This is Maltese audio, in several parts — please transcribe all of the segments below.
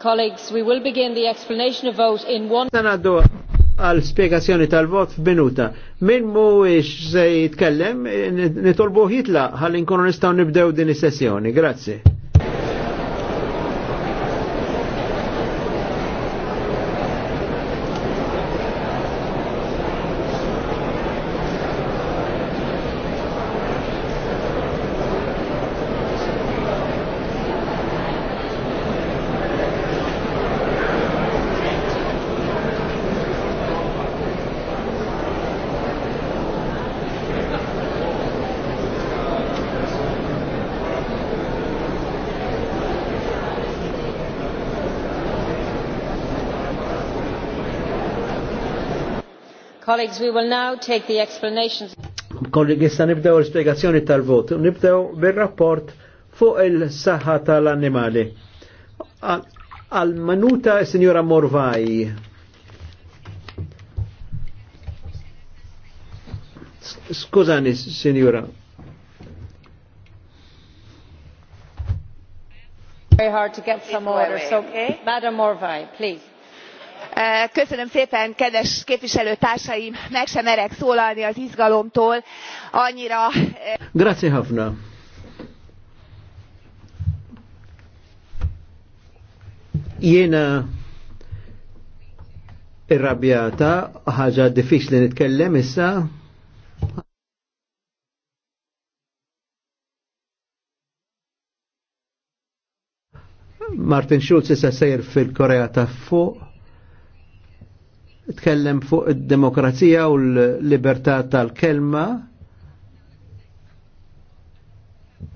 Colleagues, we will begin the explanation of vote in one... Sanaddu għal spiegazzjoni tal-vot f'minuta. Min mu se jitkellem, nitolbu hitla għal inkonu nistaw nibdew din is-sessjoni. Grazie. Colleagues, we will now take the explanations. Kollegi, sta nibdew l-spiegazzjoni tal-vot. Nibdew bil-rapport fuq il-saħħa tal-annimali. Al-manuta, signora Morvaj. Skużani, signora. Very hard to get some order, so Madam Morvai, please köszönöm szépen kedves képviselőtársaim meg sem merek szólalni az izgalomtól annyira Grazie hafna. Jena irrabjata, ħaġa diffiċli nitkellem issa. Martin Schulz issa sejr fil-Korea ta' fuq tkellem fuq id-demokrazija u l-libertà tal-kelma.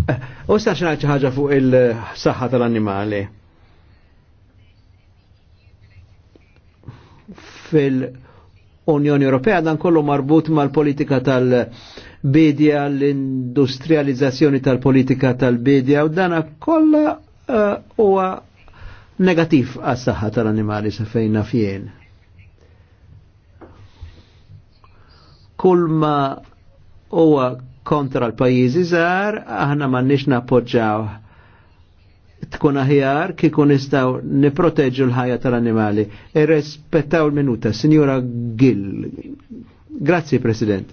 Eh, u sta xi ħaġa fuq il-saħħa tal-annimali. Fil-Unjoni Ewropea dan kollu marbut mal-politika tal-bidja, l-industrializzazzjoni tal-politika tal-bidja u dana kollha eh, huwa uh, negativ għas-saħħa tal-annimali sa fejna fien. kull ma huwa kontra l-pajjiżi żgħar aħna m'għandniex nappoġġaw tkun aħjar kieku nistgħu niproteġġu l-ħajja tal-annimali. Irrespettaw l-minuta, Sinjura Gill. Grazzi, President.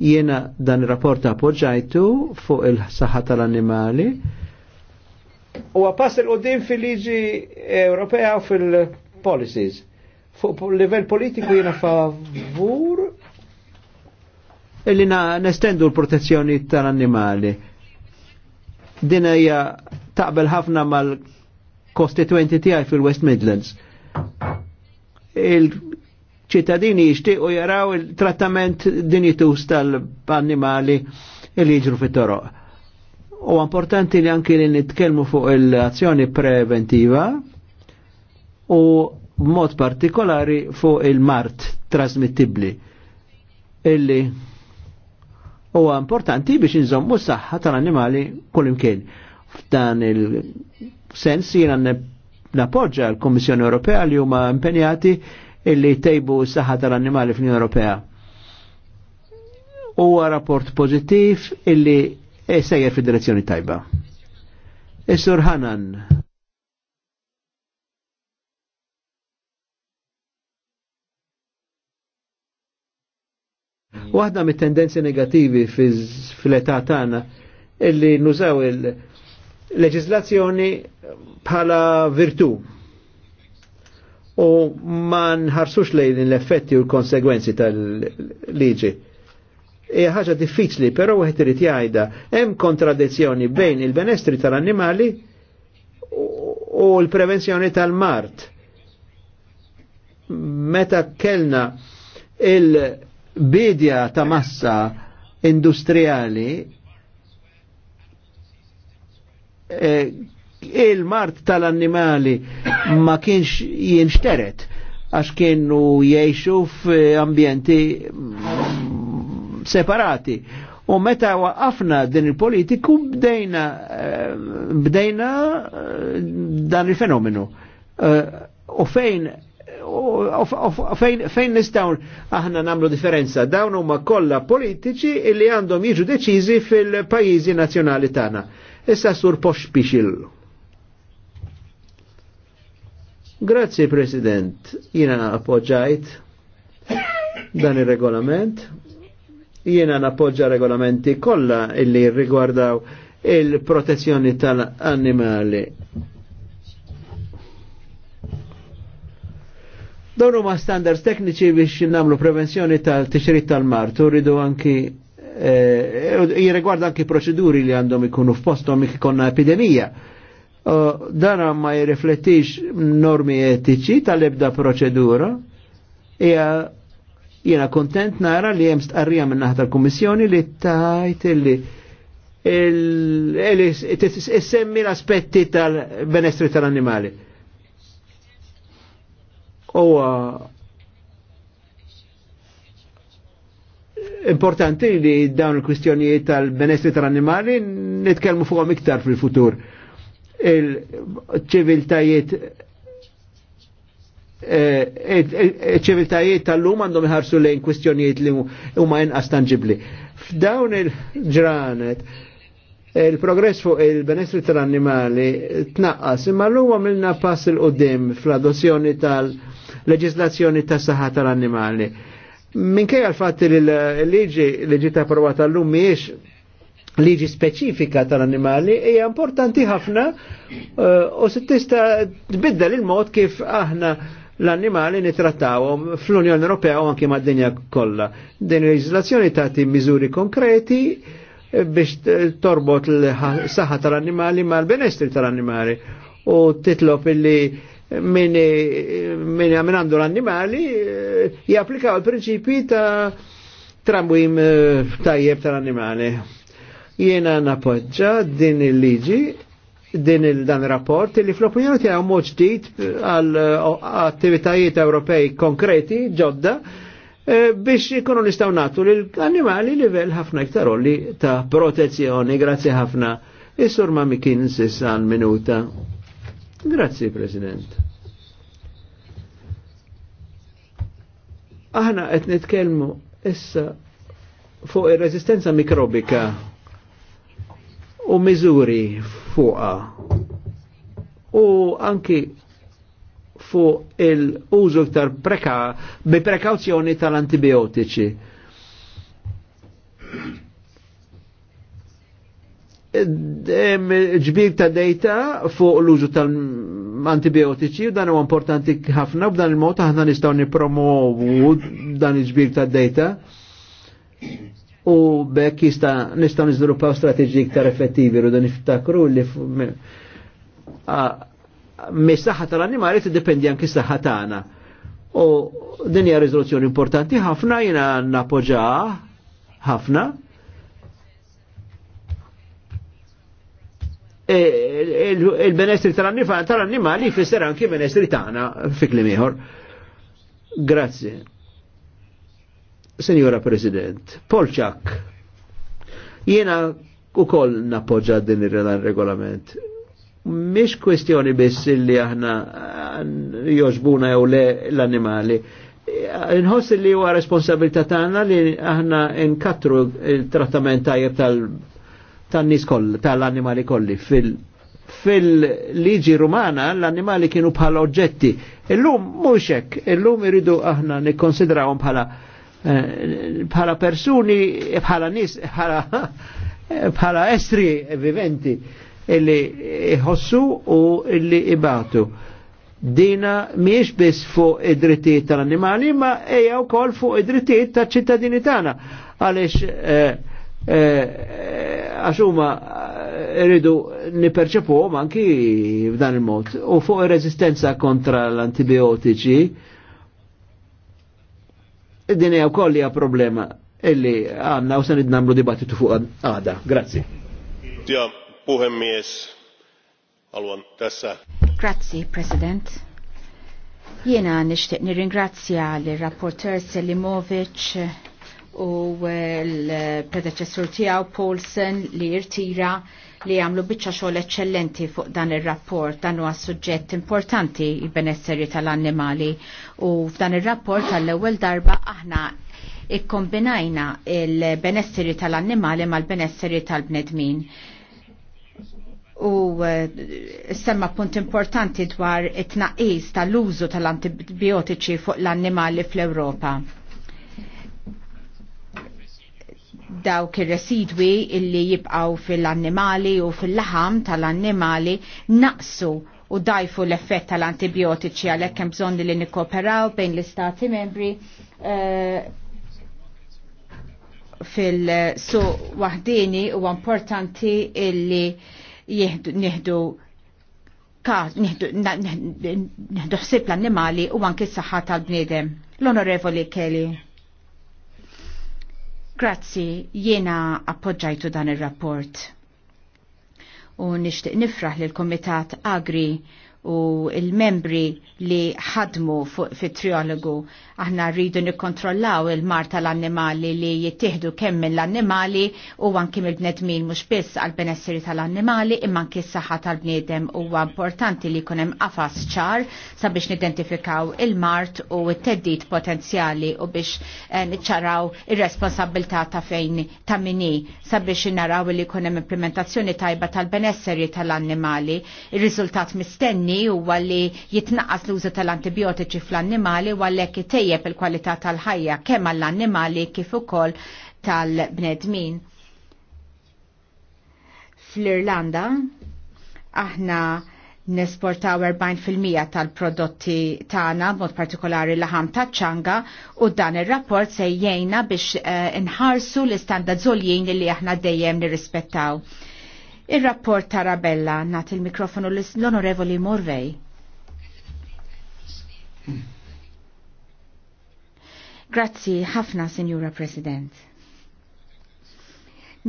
Jiena dan ir-rapport appoġġajtu fuq il-saħħa tal-annimali. U għapass il-qoddim fil-liġi Ewropea u fil-policies. Fuq livell politiku jiena favur illi nestendu l-protezzjoni tal-annimali. Din hija taqbel ħafna mal-kostituenti tiegħi fil-West Midlands. Il-ċittadini jixtiequ jaraw il-trattament dinjitus tal-annimali li jiġru fit-toroq. U importanti li anki li nitkellmu fuq il-azzjoni preventiva u mod partikolari fuq il-mart trasmittibli illi huwa importanti biex inżommu s-saħħa tal-annimali kullimkien. F'dan il-sens jiena napoġġa l-Kommissjoni Ewropea li huma impenjati illi tejbu s-saħħa tal-annimali fl-Unjoni Ewropea. Huwa rapport pożittiv illi e sejjer fid-direzzjoni tajba. Is-Sur e Hanan. Waħda mit-tendenzi negativi fil-età tagħna illi nużaw il-leġislazzjoni bħala virtu u ma nħarsux lejn l-effetti u l-konsegwenzi tal-liġi. Hija ħaġa diffiċli, però wieħed irid jgħidha hemm kontradizzjoni bejn il-benestri tal-annimali u l-prevenzjoni tal-mart. Meta kellna il- bidja ta' massa industrijali eh, il-mart tal-annimali ma kienx jinxteret għax kienu jiexu f'ambjenti separati. U meta waqafna din il-politiku bdejna e, bdejna e, dan il-fenomenu. E, u fejn fejn nistaw aħna namlu differenza dawn huma kollha politiċi illi għandhom jiġu deċiżi fil-pajjiżi nazzjonali tagħna. Issa sur pox pixillu. Grazzi President, jiena appoġġajt dan ir-regolament. Jiena nappoġġa regolamenti kollha illi rigwardaw il-protezzjoni tal-annimali Dawn huma standards tekniċi biex nagħmlu prevenzjoni tal tixrit tal martu rridu anki jirregwarda anki proċeduri li għandhom ikunu f'postom jekk ikonna epidemija. Dan ma jirriflettix normi etiċi tal-ebda proċedura. Hija jiena kontent nara li hemm stqarrija minn naħa tal-Kummissjoni li tajt li semmi l-aspetti tal-benestri tal-annimali huwa importanti li dawn il-kwistjonijiet tal-benessri tal-animali nitkellmu fuqhom iktar fil-futur. Il-ċiviltajiet eh, ċiviltajiet tal-lum għandhom iħarsu lejn kwistjonijiet li huma inqas tangibli. F'dawn il-ġranet, il-progress fuq il-benessri tal animali tnaqqas, imma l-lum għamilna pass il-qoddim fl-adozzjoni tal-, -tal leġislazzjoni tas saħħa tal-annimali. Minkejja l-fatt li l-liġi li ġiet approvata llum mhijiex liġi speċifika tal-annimali hija importanti ħafna eh, u se tista' tbiddel il-mod kif aħna l-annimali nitrattawhom fl-Unjoni Ewropea u anke mad-dinja kollha. Din il-leġislazzjoni tagħti miżuri konkreti biex torbot l-saħħa tal-annimali mal-benestri tal-annimali u titlob illi minn min għandu l-annimali eh, japplikaw il-prinċipi ta' tramwim eh, tajjeb tal-annimali. Jena napoġġa din il-liġi, din il-dan rapport li fl-opinjoni ti għaw ġdid eh, għal attivitajiet Ewropej konkreti ġodda biex ikunu nistgħu nagħtu lill-annimali livell ħafna iktar ta' protezzjoni, grazie ħafna. Is-surma mikin issa minuta. Grazzi, President. Aħna qed nitkellmu issa fuq ir-reżistenza mikrobika u miżuri fuqa u anki fuq il-użu iktar preka, bi prekawzjoni tal-antibiotiċi ġbir ta' data fuq l-użu tal-antibiotiċi u dan huwa importanti ħafna u b'dan il-mod aħna nistgħu nipromovu dan il-ġbir ta' data u bekk jista' nistgħu niżviluppaw strateġiji iktar effettivi u dan niftakru li mis-saħħa tal-annimali tiddependi anke s-saħħa tagħna. U din hija riżoluzzjoni importanti ħafna jiena nappoġġaha ħafna Eh, il-benestri tal-annimali jfisser anki benestri tagħna fi klim ieħor. Grazzi. Senjora President, Polċak, jiena u koll napoġġa din il-regolament. Mish kwestjoni biss li aħna eh, joġbuna jew le l-annimali. Nħoss li huwa responsabilità tagħna li aħna nkattru il-trattament tajjeb tal- tan-nies koll, tal-annimali kolli. Fil, fil-liġi rumana l-annimali kienu bħala oġġetti. Illum mhux hekk, illum iridu aħna nikkonsidrawhom bħala eh, bħala persuni, bħala nis, bħala esri estri viventi illi iħossu u illi ibatu. Dina miex biss fuq id-drittijiet tal-annimali, ma eja u kol fuq id-drittijiet tal-ċittadini tagħna. Għalix eh, Eh, eh, għaxuma eh, rridu niperċepu anki f'dan il-mod. U fuq il-rezistenza kontra l-antibiotiċi, din hija wkoll hija problema illi għanna u sanid namlu dibattitu fuq għada. Grazzi. Ja, puhemies, għalwan, tessa. Grazzi, President. Jena nishtiq nirringrazzja l-rapporter Selimovic u eh, l-predeċessur tiegħu Paulsen li jirtira li għamlu bicċa xogħol eccellenti fuq dan ir-rapport dan huwa suġġett importanti i benesseri tal-annimali u f'dan ir-rapport tal-ewwel darba aħna ikkombinajna il-benesseri tal-annimali mal-benesseri tal-bnedmin. U eh, semma punt importanti dwar it-tnaqqis tal-użu tal-antibiotiċi fuq l-annimali fl-Ewropa dawk ir-residwi illi jibqaw fil-annimali u fil-laħam tal-annimali naqsu u dajfu l-effett tal-antibiotiċi għalhekk hemm bżonn li nikkooperaw bejn l-istati membri eh, fil-su -so waħdini u importanti illi nieħdu nieħdu ħsieb l-annimali u anke s-saħħa tal-bniedem. L-Onorevoli Kelly. Grazzi, jiena appoġġajtu dan ir-rapport. U nixtieq nifraħ lil komitat Agri u il-membri li ħadmu fit triologu Aħna rridu nikkontrollaw il-mar tal-annimali li jittieħdu kemm mill-annimali u anki mill-bnedmin mhux biss għal benesseri tal-annimali imma anki s-saħħa tal-bniedem huwa importanti li jkun hemm qafas ċar sabiex nidentifikaw il-mart u t-teddid potenzjali u biex eh, niċċaraw ir-responsabilità ta' fejn ta' mini sabiex naraw li jkun hemm implementazzjoni tajba tal-benesseri tal-annimali. Ir-riżultat mistenni huwa li jitnaqqas l-użu tal-antibiotiċi fl-annimali u għalhekk tejjeb il-kwalità tal-ħajja kemm għall-annimali kif ukoll tal-bnedmin. Fl-Irlanda aħna nesportaw 40% tal-prodotti tagħna mod partikolari l-ħam ċanga u dan ir-rapport se jgħinna biex uh, inħarsu l-istandard żoljien li aħna dejjem nirrispettaw. Ir-rapport Tarabella nagħti il-mikrofonu l-Onorevoli Morvej. Grazzi ħafna, Signora President.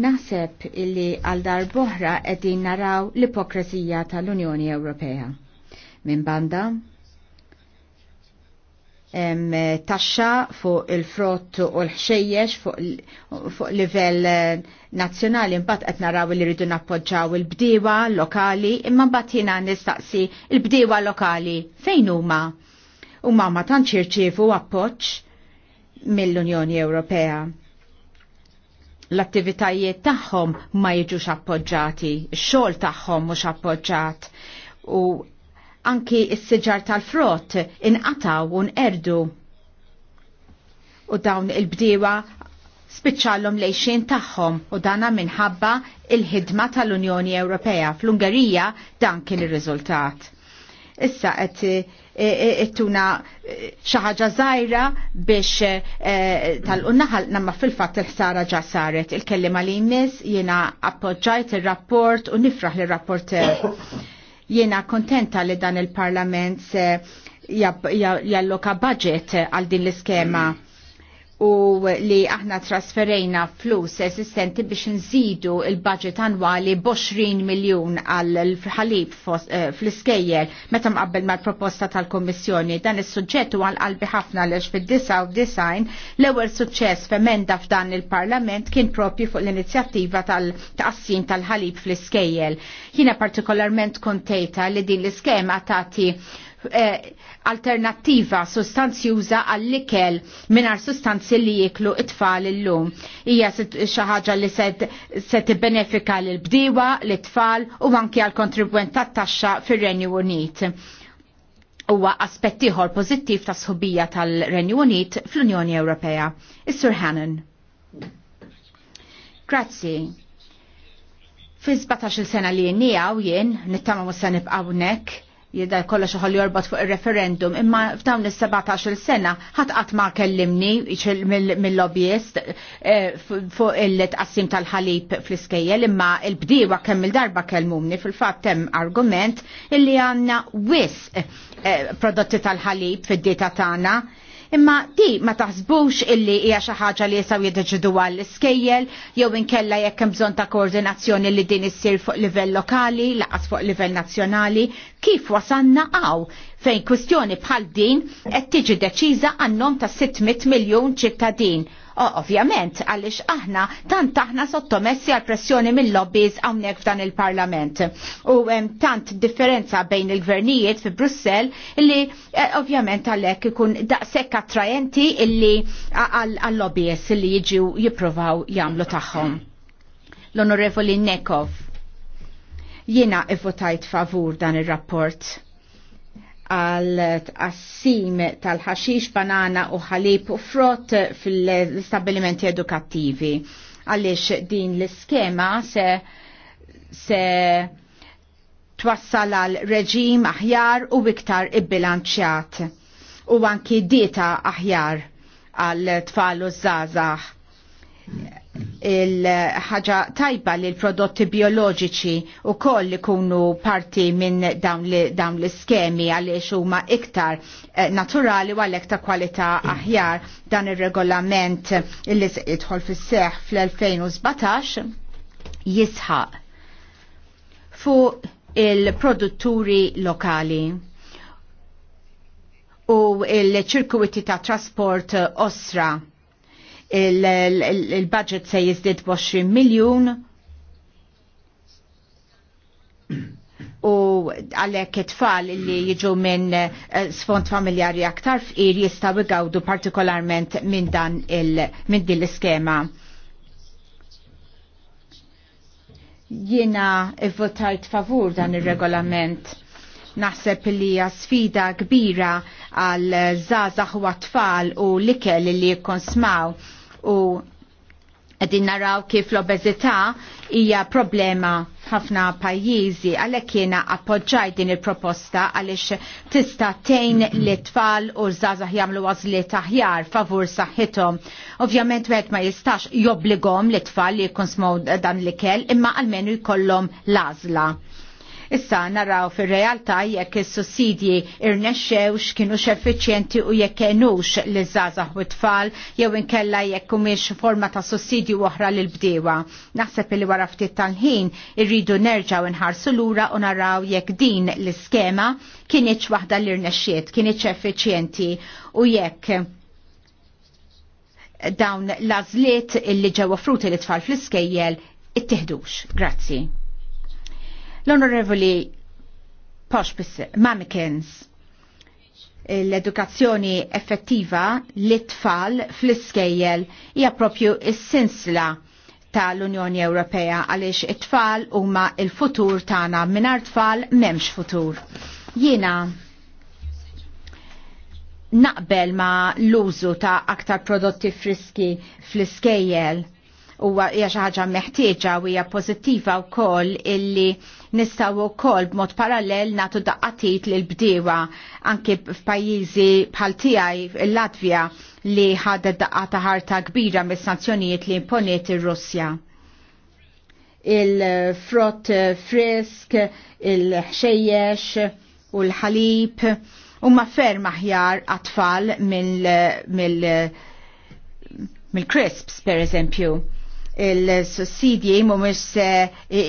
Naħseb illi għal boħra qegħdin naraw l-ipokresija tal-Unjoni Ewropea. Min banda, taxxa fuq il-frott u l-ħxejjex fuq livell eh, nazzjonali mbagħad qed naraw li rridu nappoġġaw il-bdiewa lokali imma mbagħad jiena nistaqsi il-bdiewa lokali fejn huma? Huma ma tantx jirċievu appoġġ mill-Unjoni Ewropea. L-attivitajiet tagħhom ma jiġux appoġġati, x-xogħol tagħhom mhux appoġġat u anki s-siġar tal-frott inqataw u nqerdu. U dawn il-bdiewa spiċċallhom lejxin tagħhom u dana minħabba il-ħidma tal-Unjoni Ewropea. Fl-Ungerija dan kien ir-riżultat. Issa qed ittuna e, e, e, xi ħaġa żgħira biex tal unnaħal namma fil-fatt il-ħsara ġa saret. Il-kellima li jmiss jiena appoġġajt ir-rapport u nifraħ l rapporter Jiena kontenta li dan il-Parlament se jalloka budget għal din l-iskema. Mm u li aħna trasferejna flus esistenti biex nżidu il-budget annwali b20 miljun għal ħalib fl eh, iskejjer meta mqabbel mal-proposta tal-Kommissjoni. Dan is-suġġett huwa qalbi ħafna lex fid-99 l-ewwel suċċess f'emenda f'dan il-Parlament kien propju fuq l-inizjattiva tal-tqassin tal-ħalib fl-iskejjel. Jiena partikolarment kontejta li din l-iskema tagħti eh, alternativa sostanzjuża għall-ikel minar sustanzi li jiklu it-tfal illum. Hija xi ħaġa li se tibbenefika l-bdiwa, l-tfal u anki għal kontribwent tat-taxxa fir-Renju Unit. Huwa aspett ieħor pożittiv ta' sħubija tal-Renju Unit fl-Unjoni Ewropea. Is-Sur Hannon. Grazzi. Fi 17 sena li jennija u jien, nittama musa nibqaw nek, jida kolla xoħal jorbat fuq il-referendum, imma f'dawn il-17 sena ħatqat ma kellimni mill-lobbyist eh, fuq il-tqassim tal-ħalib fl-iskejjel, imma il-bdiwa kemm il-darba kellmumni fil-fat tem argument illi għanna wis eh, prodotti tal-ħalib fid-dieta tagħna imma di ma taħsbux illi hija xi ħaġa li jistgħu jiddeċidu għall iskejjel jew inkella jekk hemm bżonn ta' koordinazzjoni li din issir fuq livell lokali, laqas fuq livell nazzjonali, kif wasanna għaw fejn kwistjoni bħal din qed tiġi deċiża għannom ta' 600 miljun ċittadin Ovvjament, għalix aħna tant aħna sottomessi għal pressjoni mill-lobbies hawnhekk f'dan il-Parlament. U hemm tant differenza bejn il-gvernijiet fi Brussell li eh, ovvjament għalhekk ikun daqshekk attrajenti illi għall-lobbies li jiġu jippruvaw jagħmlu tagħhom. L-Onorevoli Nekov jiena votajt favur dan ir-rapport għal tqassim tal-ħaxix banana u ħalib u frott fil-stabilimenti edukattivi. Għalix din l-iskema se, se twassal għal reġim aħjar u iktar ibbilanċjat u anki dieta aħjar għal tfal u zazax il-ħaġa tajba li l-prodotti bioloġiċi u koll li kunu parti minn dawn l-iskemi għaliex huma iktar eh, naturali u għalek ta' kwalità aħjar dan il-regolament li se jidħol fis seħ fl-2017 jisħaq fuq il-produtturi lokali u il-ċirkwiti ta' trasport osra il-budget se jizdid 20 miljon u għalek it-tfal li jiġu minn eh, sfond familjari aktar f'ir jistaw igawdu partikolarment minn dan il min din l-iskema. Jiena votajt favur dan il-regolament naħseb li hija sfida kbira għal zazax u għatfall u l-ikel li jikon smaw u għedin naraw kif l-obezita hija problema ħafna pajjiżi għalhekk jiena appoġġaj din il-proposta għaliex tista' tgħin li tfal u żgħażagħ jagħmlu għażliet aħjar favur saħħithom. Ovvjament wieħed ma jistax jobbligom li tfal li jkun smow dan l-ikel imma għalmenu jkollhom l-għażla. Issa naraw fir-realtà jekk is-sussidji irnexxewx kienu xeffiċjenti u jekk kienux li żgħażagħ u tfal jew inkella jekk humiex forma ta' sussidju oħra lil bdiewa. Naħseb li wara ftit tal-ħin irridu nerġgħu nħarsu lura u naraw jekk din l-iskema kienieċ waħda li irnexxiet kienieċ effiċjenti u jekk dawn l-azliet illi ġewa fruti li tfal fl-iskejjel ittihdux. Grazzi. L-Onorevoli Poshpis Mamikens, l-edukazzjoni effettiva li tfal fl-iskejjel hija propju s-sinsla tal-Unjoni Ewropea għaliex it-tfal huma il-futur tagħna mingħajr tfal m'hemmx futur. Jiena naqbel ma l-użu ta' aktar prodotti friski fl-iskejjel huwa hija xi ħaġa meħtieġa u hija pożittiva wkoll illi Nistaw ukoll b'mod parallel natu daqqatit l bdiewa anke f'pajjiżi bħal tiegħi l-Latvja li ħadda daqqata ħarta kbira mis-sanzjonijiet li imponiet ir-Russja il-frott frisk, il-ħxejjex u l-ħalib u ma ferm aħjar atfal mill-crisps, per eżempju il-sussidji mumiex se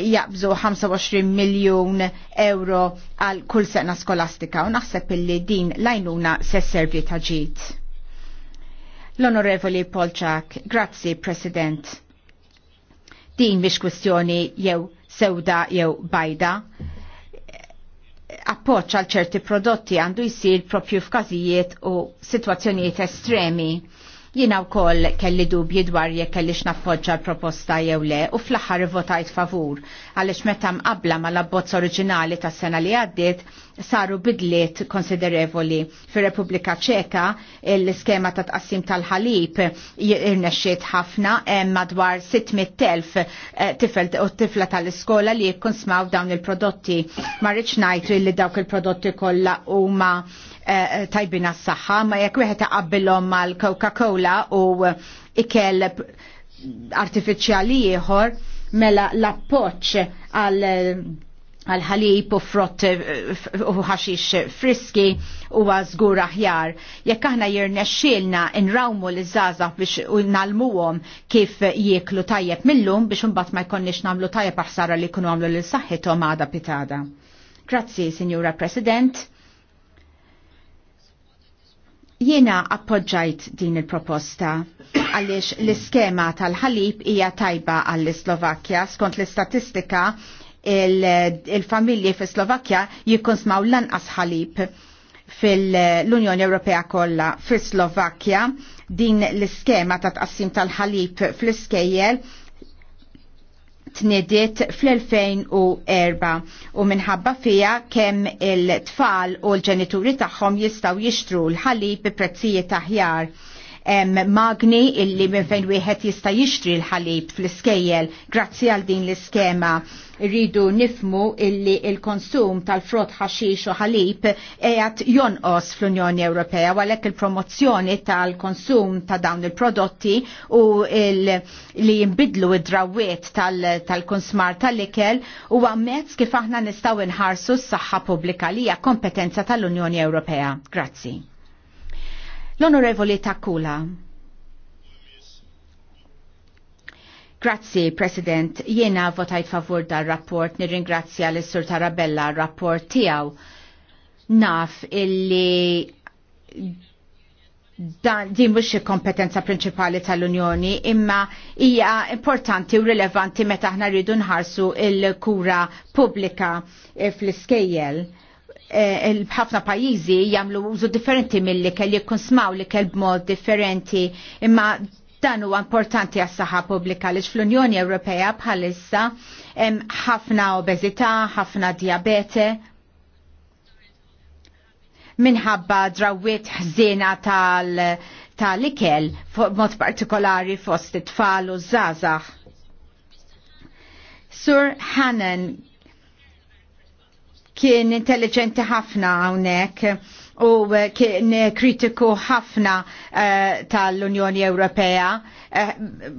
jaqbżu 25 miljon euro għal kull sena skolastika u naħseb illi din lajnuna se servi taġit. L-Onorevoli Polċak, grazzi President. Din biex kwestjoni jew sewda jew bajda appoċ għal ċerti prodotti għandu jisir propju f'każijiet u situazzjonijiet estremi Jiena wkoll kelli dubji dwar jekk kellix nappoġġa l-proposta jew le u fl-aħħar votajt favur għaliex meta mqabbla mal-abbozz oriġinali tas-sena li għaddiet saru bidliet konsiderevoli. Fir-Repubblika Ċeka l-iskema ta' tqassim tal-ħalib irnexxiet ħafna hemm madwar 600,000 eh, tifel u tifla tal-iskola li jkun smaw dawn il-prodotti. Ma rridx ngħid li dawk il-prodotti kollha huma Eh, eh, tajbina s saħħa ma jekk wieħed taqabbilhom mal-Coca-Cola u ikel artifiċjali ieħor mela l-appoċ għal għal-ħalib u frott eh, u ħaxix friski u għazgur aħjar. Jekk aħna jirnexxilna nrawmu l żaza biex u nalmuhom kif jieklu tajjeb millum biex imbagħad ma jkonniex nagħmlu tajjeb aħsara li jkunu għamlu lil saħħithom għada pitada. Grazzi, Sinjura President. Jiena appoġġajt din il-proposta għaliex l-iskema tal-ħalib hija tajba għall-Slovakkja skont l-istatistika il-familji fi Slovakkja jikkonsmaw lanqas ħalib fil-Unjoni Ewropea kollha fis-Slovakkja din l-iskema ta' tqassim tal-ħalib fl-iskejjel tnediet fl-2004 u minħabba fija kemm il-tfal u l-ġenituri tagħhom jistgħu jixtru l-ħalib bi prezzijiet aħjar magni illi minn fejn wieħed jista' jixtri l-ħalib fl-iskejjel grazzi għal din l-iskema rridu nifmu illi il-konsum tal-frott ħaxix u ħalib qiegħed jonqos fl-Unjoni Ewropea għalhekk il-promozzjoni tal-konsum ta' dawn il-prodotti u il li jinbidlu id-drawiet tal-konsmar -tal tal-ikel u għammetz kif aħna nistgħu nħarsu s-saħħa pubblika li hija kompetenza tal-Unjoni Ewropea. Grazzi. L-Onorevoli Takula. Grazzi, President. Jiena votajt favur dal rapport nirringrazzja l sur Tarabella rapport tijaw. Naf illi din mhux kompetenza prinċipali tal-Unjoni imma hija importanti u rilevanti meta aħna rridu nħarsu il-kura pubblika eh, fl-iskejjel Eh, b'ħafna pajjiżi jagħmlu użu differenti mill-li kelli jkun smaw li kell b'mod differenti imma dan huwa importanti għas saħħa pubblika lix fl-Unjoni Ewropea bħalissa hemm ħafna obeżità, ħafna diabete, minħabba drawiet ħżiena tal tal-ikel mod partikolari fost it-tfal u zazax. Sur Hannan kien intelligenti ħafna hawnhekk u kien kritiku ħafna uh, tal-Unjoni Ewropea, uh,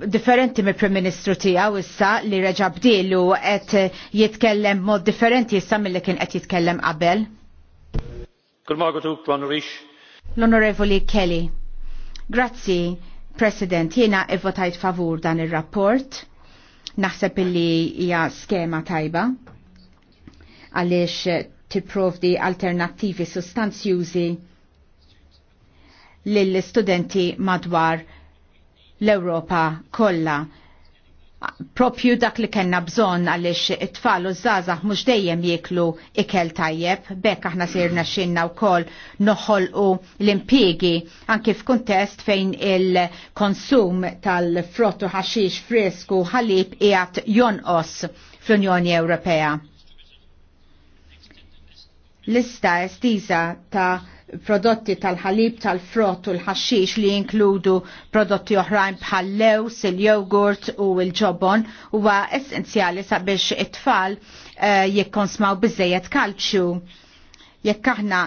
differenti mill prim Ministru tiegħu issa li reġa' bdilu qed jitkellem mod differenti issa milli kien qed jitkellem qabel. L-Onorevoli Kelly. Grazzi, President, jiena votajt favur dan ir-rapport. Naħseb illi hija skema tajba għaliex tipprovdi alternattivi sostanzjużi lill-studenti madwar l-Europa kollha propju dak li kena bżon għalix it-tfal u zazax mux dejjem jiklu ikel tajjeb, bekk aħna sirna xinna u kol noħol u l-impiegi, anki f'kuntest fejn il-konsum tal-frottu ħaxix frisku ħalib jgħat jonqos fl-Unjoni Ewropea lista estiża ta' prodotti tal-ħalib, tal-frott u l-ħaxix li jinkludu prodotti oħrajn bħal lews, il-jogurt u l-ġobon huwa essenzjali sabiex it-tfal eh, jikkonsmaw biżejjed kalċu. Jekk aħna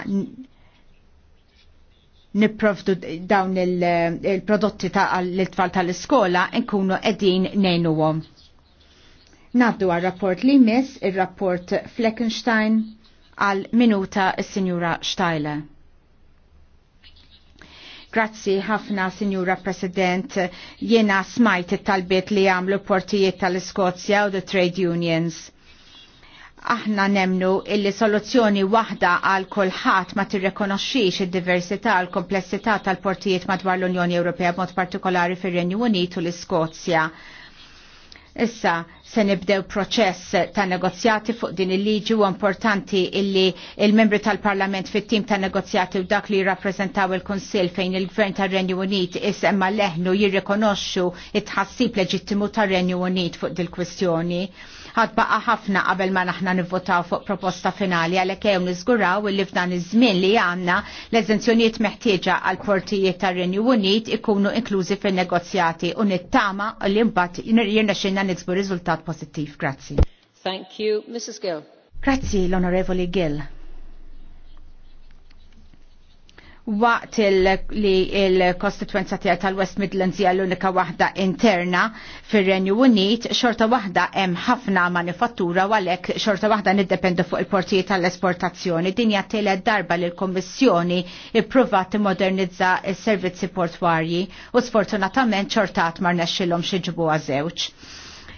niprofdu dawn eh, il-prodotti ta' l-tfal tal-iskola nkunu edin nejnuwom. Naddu għal rapport li mis, il-rapport Fleckenstein, għal minuta s-Sinjura Steile. Grazzi ħafna, Sinjura President. Jena smajt it-talbiet li għamlu portijiet tal-Iskozja u the trade unions. Aħna nemnu illi soluzzjoni waħda għal kulħadd ma tirrekonoxxix id-diversità għal komplessità tal-portijiet madwar l-Unjoni Ewropea b'mod partikolari fir-Renju Unit u l-Iskozja. Issa, se nibdew proċess ta' negozjati fuq din il-liġi u importanti illi il-membri tal-Parlament fit-tim ta' negozjati u dak li rappresentaw il-Konsil fejn il-Gvern ta' Renju Unit isemma leħnu jirrikonoxxu it-ħassib leġittimu ta' Renju Unit fuq dil-kwistjoni ħadbaqa ħafna qabel ma naħna nivvotaw fuq proposta finali għalhekk hemm niżguraw li f'dan iż-żmien li għandna l-eżenzjonijiet meħtieġa għal portijiet tar-Renju Unit ikunu inklużi fin-negozjati u nittama li mbagħad jirnexxinna niksbu riżultat pożittiv. Grazzi. Thank you, Mrs. Gill. Grazzi l-Onorevoli Gill. waqt li il-kostituenza tiegħek tal-West Midlands hija l-unika waħda interna fir-Renju Unit, xorta waħda hemm ħafna manifattura u għalhekk xorta waħda niddependu fuq il-portijiet tal-esportazzjoni. Din hija tielet darba li l-Kommissjoni ippruvat timmodernizza s-servizzi portwarji u sfortunatament xorta ma rnexxilhom xi ġibuha żewġ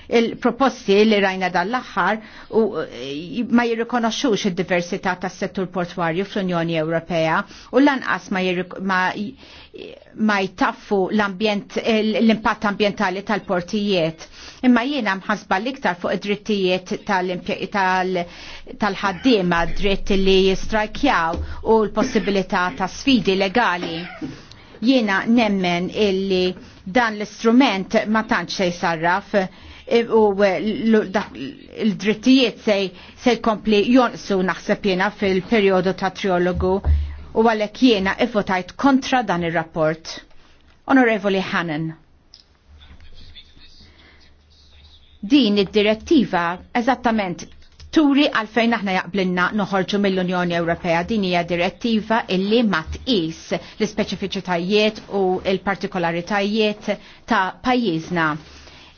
il-proposti li rajna dal-aħħar u eh, ma jirrikonoxxux id-diversità tas-settur portwarju fl-Unjoni Ewropea u lanqas ma, ma, ma jtaffu l-ambjent l-impatt ambjentali tal-portijiet. Imma jiena mħasba l-iktar fuq id-drittijiet tal ħaddima tal, dritti li jistrajkjaw u l-possibilità ta' sfidi legali. Jiena nemmen illi dan l-istrument ma tantx se jsarraf E, u e, l-drittijiet se jkompli jonqsu naħseb jiena fil-perjodu ta' triologu u għalhekk jiena ifotajt kontra dan ir-rapport. Onorevoli Hannan. Din id-direttiva eżattament Turi għalfejn aħna jaqblinna noħorġu mill-Unjoni Ewropea din hija direttiva illi ma tqis l-ispeċifiċitajiet u l-partikolaritajiet ta' pajjiżna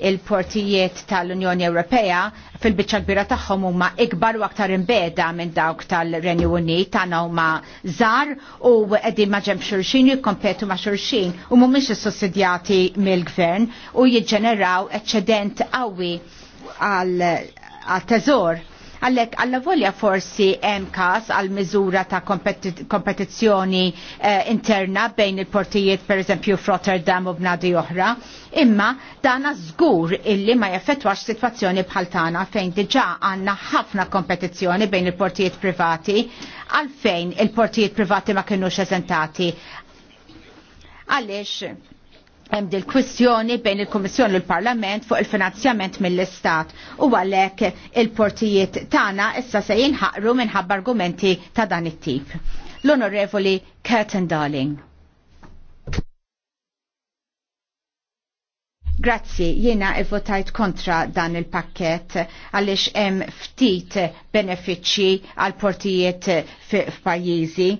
il-portijiet tal-Unjoni Ewropea fil-biċċa kbira tagħhom huma ikbar u aktar imbeda minn dawk tal-Renju Unit tagħna huma żar u qegħdin ma' ġemm xulxin jikkompetu ma' xulxin u mhumiex issussidjati mill-gvern u jiġġeneraw eċċedent qawwi għal teżor Għallek għalla volja forsi hemm każ għal miżura ta' kompetizzjoni eh, interna bejn il-portijiet per eżempju f'Rotterdam u b'nadi oħra, imma dana żgur illi ma jaffetwax sitwazzjoni bħal tagħna fejn diġà għandna ħafna kompetizzjoni bejn il-portijiet privati għalfejn il-portijiet privati ma kienu eżentati. Għaliex hemm dil kwistjoni bejn il-Kummissjoni u l-Parlament fuq il-finanzjament mill-Istat u għalhekk il-portijiet tagħna issa se jinħaqru minħabba argumenti ta' dan it-tip. L-Onorevoli Curtin Darling. Grazzi, jiena votajt kontra dan il-pakket għaliex hemm ftit benefiċċji għal portijiet f'pajjiżi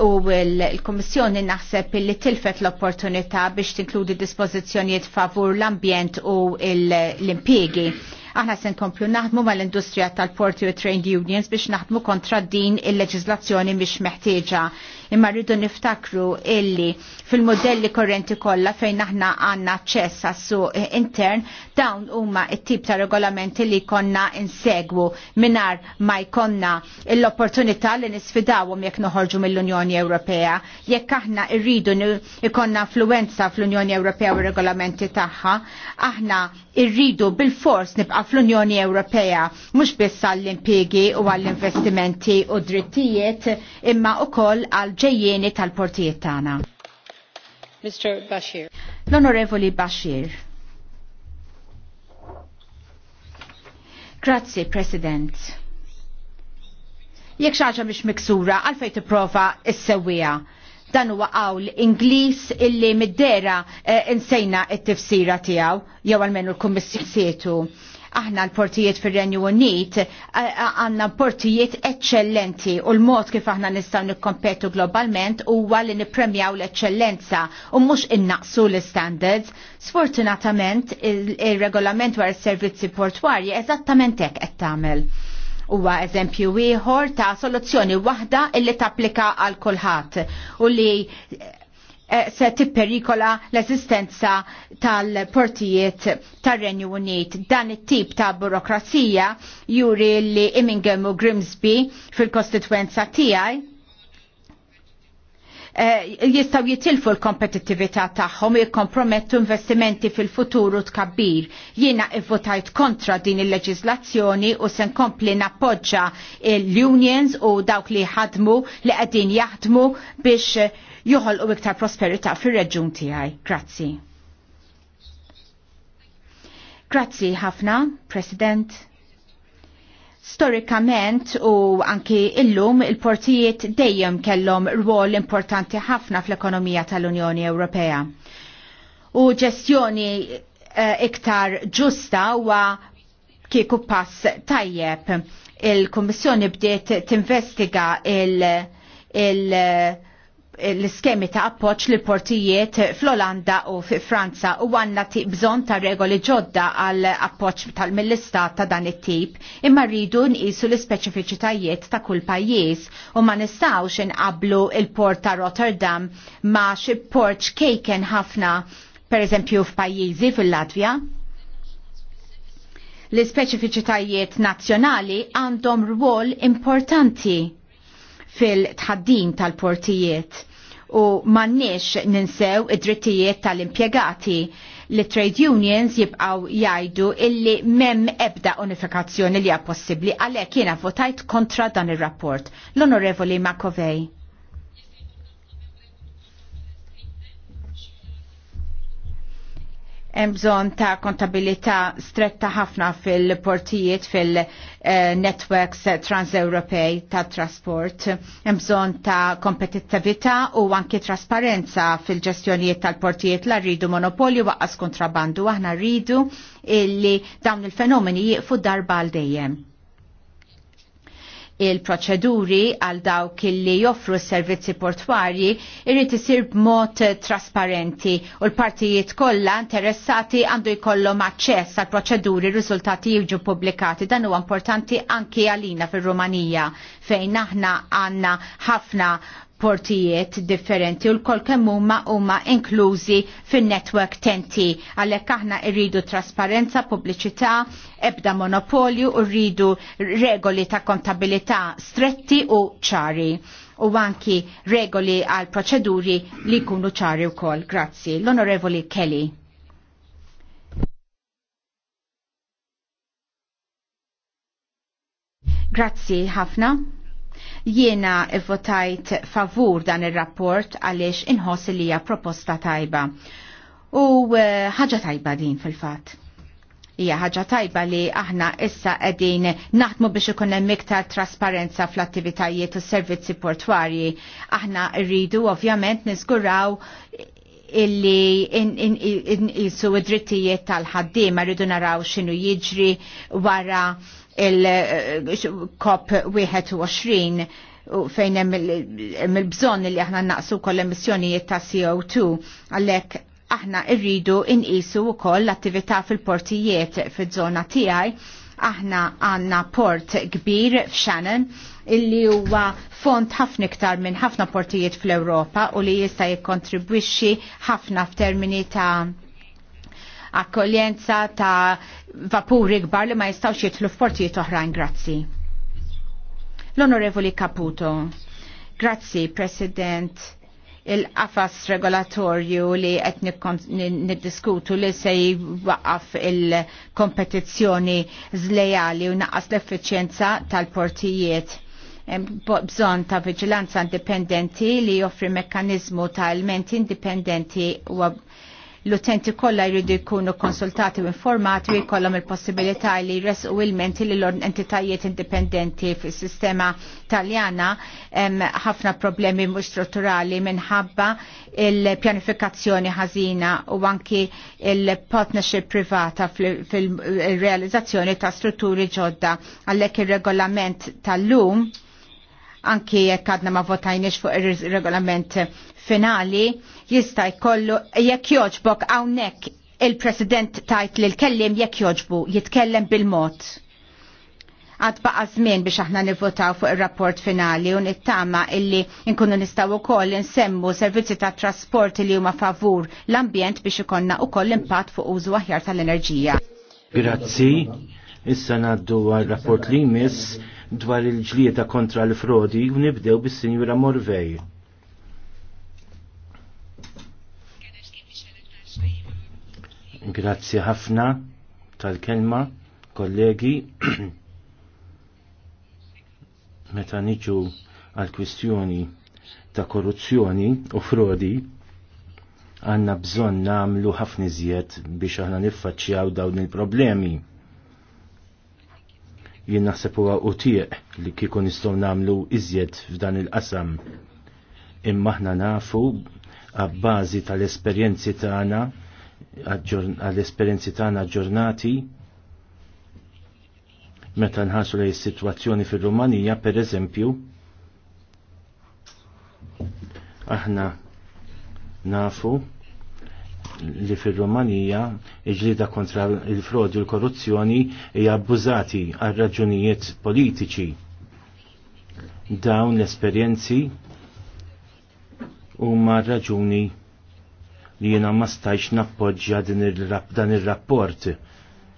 u l-Komissjoni naħseb li tilfet l-opportunità biex tinkludi dispożizzjonijiet favur l-ambjent u l-impiegi. Aħna se nkomplu naħdmu mal-industrija tal-porti u trade unions biex naħdmu kontra din il-leġizlazzjoni mhix meħtieġa imma rridu niftakru illi fil-modelli korrenti kollha fejn aħna għandna aċċess għassu intern dawn huma it-tip ta' regolamenti li konna insegwu minar ma jkonna l-opportunità li nisfidawhom jekk noħorġu mill-Unjoni Ewropea. Jekk aħna rridu ikonna influenza fl-Unjoni Ewropea u regolamenti tagħha, aħna irridu bil-fors nibqa' fl-Unjoni Ewropea mhux biss għall-impjiegi u għall-investimenti u drittijiet imma ukoll għal ċejjeni tal-portijiet tagħna. Mr. Bashir. L-Onorevoli Bashir. Grazzi, President. Jekk xaġa biex miksura, għalfej tipprova s-sewwija dan huwa qawl Ingliż illi middera eh, insejna t tifsira tiegħu jew għalmenu l-Kummissjoni sietu. Aħna l-portijiet fir-Renju Unit għandna portijiet eċċellenti u l-mod kif aħna nistgħu nikkompetu globalment huwa li nippremjaw l-eċċellenza u mhux innaqsu l-standards. Sfortunatament ir-regolament għar is-servizzi portwarji eżattament hekk qed tagħmel huwa eżempju ieħor ta' soluzzjoni waħda illi tapplika għal kulħadd u li E, se tipperikola l-eżistenza tal-portijiet tar-Renju Unit. Dan it-tip ta' burokrazija juri li Immingham u Grimsby fil-kostituenza tiegħi Eh, jistaw jitilfu l kompetitivita tagħhom jikkompromettu investimenti fil-futuru tkabbir. Jiena ivvotajt kontra din il-leġislazzjoni u se nkompli nappoġġa l-unions u dawk li ħadmu li qegħdin jaħdmu biex joħolqu iktar prosperità fir-reġjun tiegħi. Grazzi. Grazzi ħafna, President. Storikament u anki illum il-portijiet dejjem kellhom rwol importanti ħafna fl-ekonomija tal-Unjoni Ewropea. U ġestjoni e, iktar ġusta huwa kieku pass tajjeb. Il-Kummissjoni bdiet tinvestiga il-, il l-iskemi ta' appoċ li portijiet fl-Olanda u fi Franza u għanna ti bżon ta' regoli ġodda għal appoċ tal-mill-istat ta' dan it-tip imma rridu nqisu l-ispeċifiċitajiet ta' kull pajjiż u ma nistawx inqablu il-port ta' Rotterdam ma' xi port kejken ħafna per eżempju f'pajjiżi fil-Latvja l-ispeċifiċitajiet nazzjonali għandhom rwol importanti fil-tħaddim tal-portijiet u mannix ninsew id-drittijiet tal-impjegati li trade unions jibqaw jajdu illi mem ebda unifikazzjoni li għapossibli għalek jena votajt kontra dan il-rapport. L-Onorevoli Makovej. hemm bżonn ta' kontabilità stretta ħafna fil-portijiet fil-networks eh, trans-Europej ta' trasport. Hemm bżonn ta' kompetittività u anki trasparenza fil-ġestjonijiet tal-portijiet la rridu monopolju waqqas kontrabandu aħna rridu illi dawn il-fenomeni jieqfu darba għal dejjem il-proċeduri għal dawk li joffru s servizzi portwarji irrid isir b'mod trasparenti u l-partijiet kollha interessati għandu jkollhom aċċess għal proċeduri riżultati jiġu pubblikati. Dan huwa importanti anki għalina fir-Rumanija fejn aħna għandna ħafna portijiet differenti u l-kol kemm huma ma inklużi fin-network tenti għalhekk aħna rridu trasparenza, pubbliċità, ebda monopolju u rridu regoli ta' kontabilità stretti u ċari u anki regoli għal proċeduri li jkunu ċari wkoll. Grazzi. L-Onorevoli Kelly. Grazzi ħafna. Jiena votajt favur dan il-rapport għaliex inħoss li hija proposta tajba. U eh, ħaġa tajba din fil-fatt. Hija ħaġa tajba li aħna issa qegħdin naħdmu biex ikun hemm iktar trasparenza fl-attivitajiet u servizzi portwarji. Aħna rridu ovvjament niżguraw illi inqisu id-drittijiet tal-ħaddiema rridu naraw x'inhu jiġri wara il-COP21 fejn hemm il-bżonn li aħna naqsu kol emissjonijiet ta' CO2 għalhekk aħna rridu inqisu wkoll l-attività fil-portijiet fiż-żona tiegħi aħna għanna port kbir f'Shannon illi huwa font ħafna iktar minn ħafna portijiet fl-Ewropa u li jista' jikkontribwixxi ħafna f'termini ta' akkoljenza ta' vapuri kbar li ma jistawx jitlu f'portijiet oħrajn. Grazzi. L-Onorevoli Caputo. Grazzi, President il-qafas regolatorju li qed niddiskutu li se jwaqaf il-kompetizzjoni zlejali u naqas l-effiċjenza tal-portijiet. Bżon ta' vigilanza indipendenti li joffri mekkanizmu ta' elementi indipendenti u L-utenti kollha jridu jkunu konsultati u informati u jkollhom il-possibilità li jresqu il-menti li l-entitajiet indipendenti fis-sistema taljana ħafna problemi mhux strutturali minħabba il-pjanifikazzjoni ħażina u anki il-partnership privata fil-realizzazzjoni ta' strutturi ġodda għalhekk ir-regolament tal-lum anki jekk għadna ma votajniex fuq ir-regolament finali, jista' jkollu jekk joġbok hawnhekk il-President tajt li l-kellim jekk joġbu jitkellem bil-mod għad baqa żmien biex aħna nivvotaw fuq ir-rapport finali u nittama illi nkunu nistawu wkoll nsemmu servizzi ta' trasport li huma favur l-ambjent biex ikonna wkoll impatt fuq użu aħjar tal-enerġija. Grazzi, issa ngħaddu għal rapport li jmiss dwar il-ġlieda kontra l-frodi u nibdew bis-Sinjura Morvej. Grazzi ħafna tal-kelma, kollegi. Meta niġu għal-kwistjoni ta' korruzzjoni u frodi, għanna bżon namlu ħafna iżjed biex aħna niffaċċjaw dawn il-problemi jien naħseb huwa utieq li kieku nistgħu nagħmlu iżjed f'dan il-qasam. Imma aħna nafu għabbażi tal-esperjenzi tagħna għall-esperjenzi tagħna ġurnati meta nħarsu lej is-sitwazzjoni fir-Rumanija pereżempju aħna nafu li fil-Romanija iġlida kontra il-frodi u l-korruzzjoni hija abbużati għal raġunijiet politiċi. Dawn l-esperjenzi huma raġuni li jiena ma stajx nappoġġja dan ir-rapport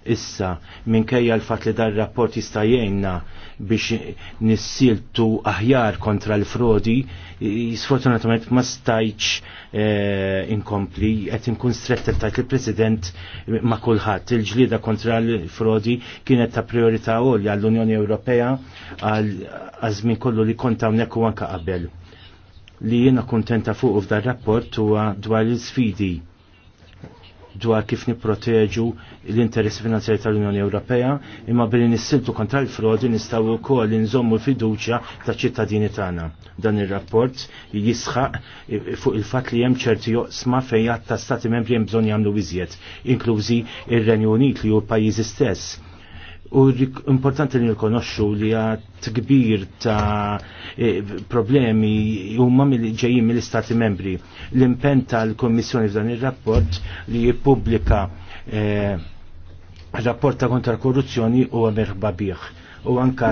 issa minkejja l-fat li dar rapport jista' jgħinna biex nissiltu aħjar kontra l-frodi, sfortunatament ma stajċ eh, inkompli, qed inkun stretta tajt il-President ma' kulħadd. Il-ġlida kontra l-frodi kienet ta' priorità għolja għall-Unjoni Ewropea għal għażmin kollu li konta hawnhekk u anke qabel. Li jiena kuntenta fuq f'dar rapport huwa dwar l-sfidi dwar kif niproteġu l-interess finanzjari tal-Unjoni Ewropea, imma billi nissiltu kontra l-frodi nistaw ukoll nżommu fiduċja ta' ċittadini tagħna. Dan ir-rapport jisħaq fuq il-fatt li hemm ċerti joqsma fejn ta' stati membri hemm bżonn jagħmlu iżjed, inklużi ir-Renju Unit li hu pajjiżi stess U importanti li nkonoxxu li għat kbir ta' e, problemi huma ġejjin mill-Istati membri. L-impen tal-Kommissjoni f'dan ir-rapport li jippubblika e, rapport ta' kontra korruzzjoni u għamir babiħ u anka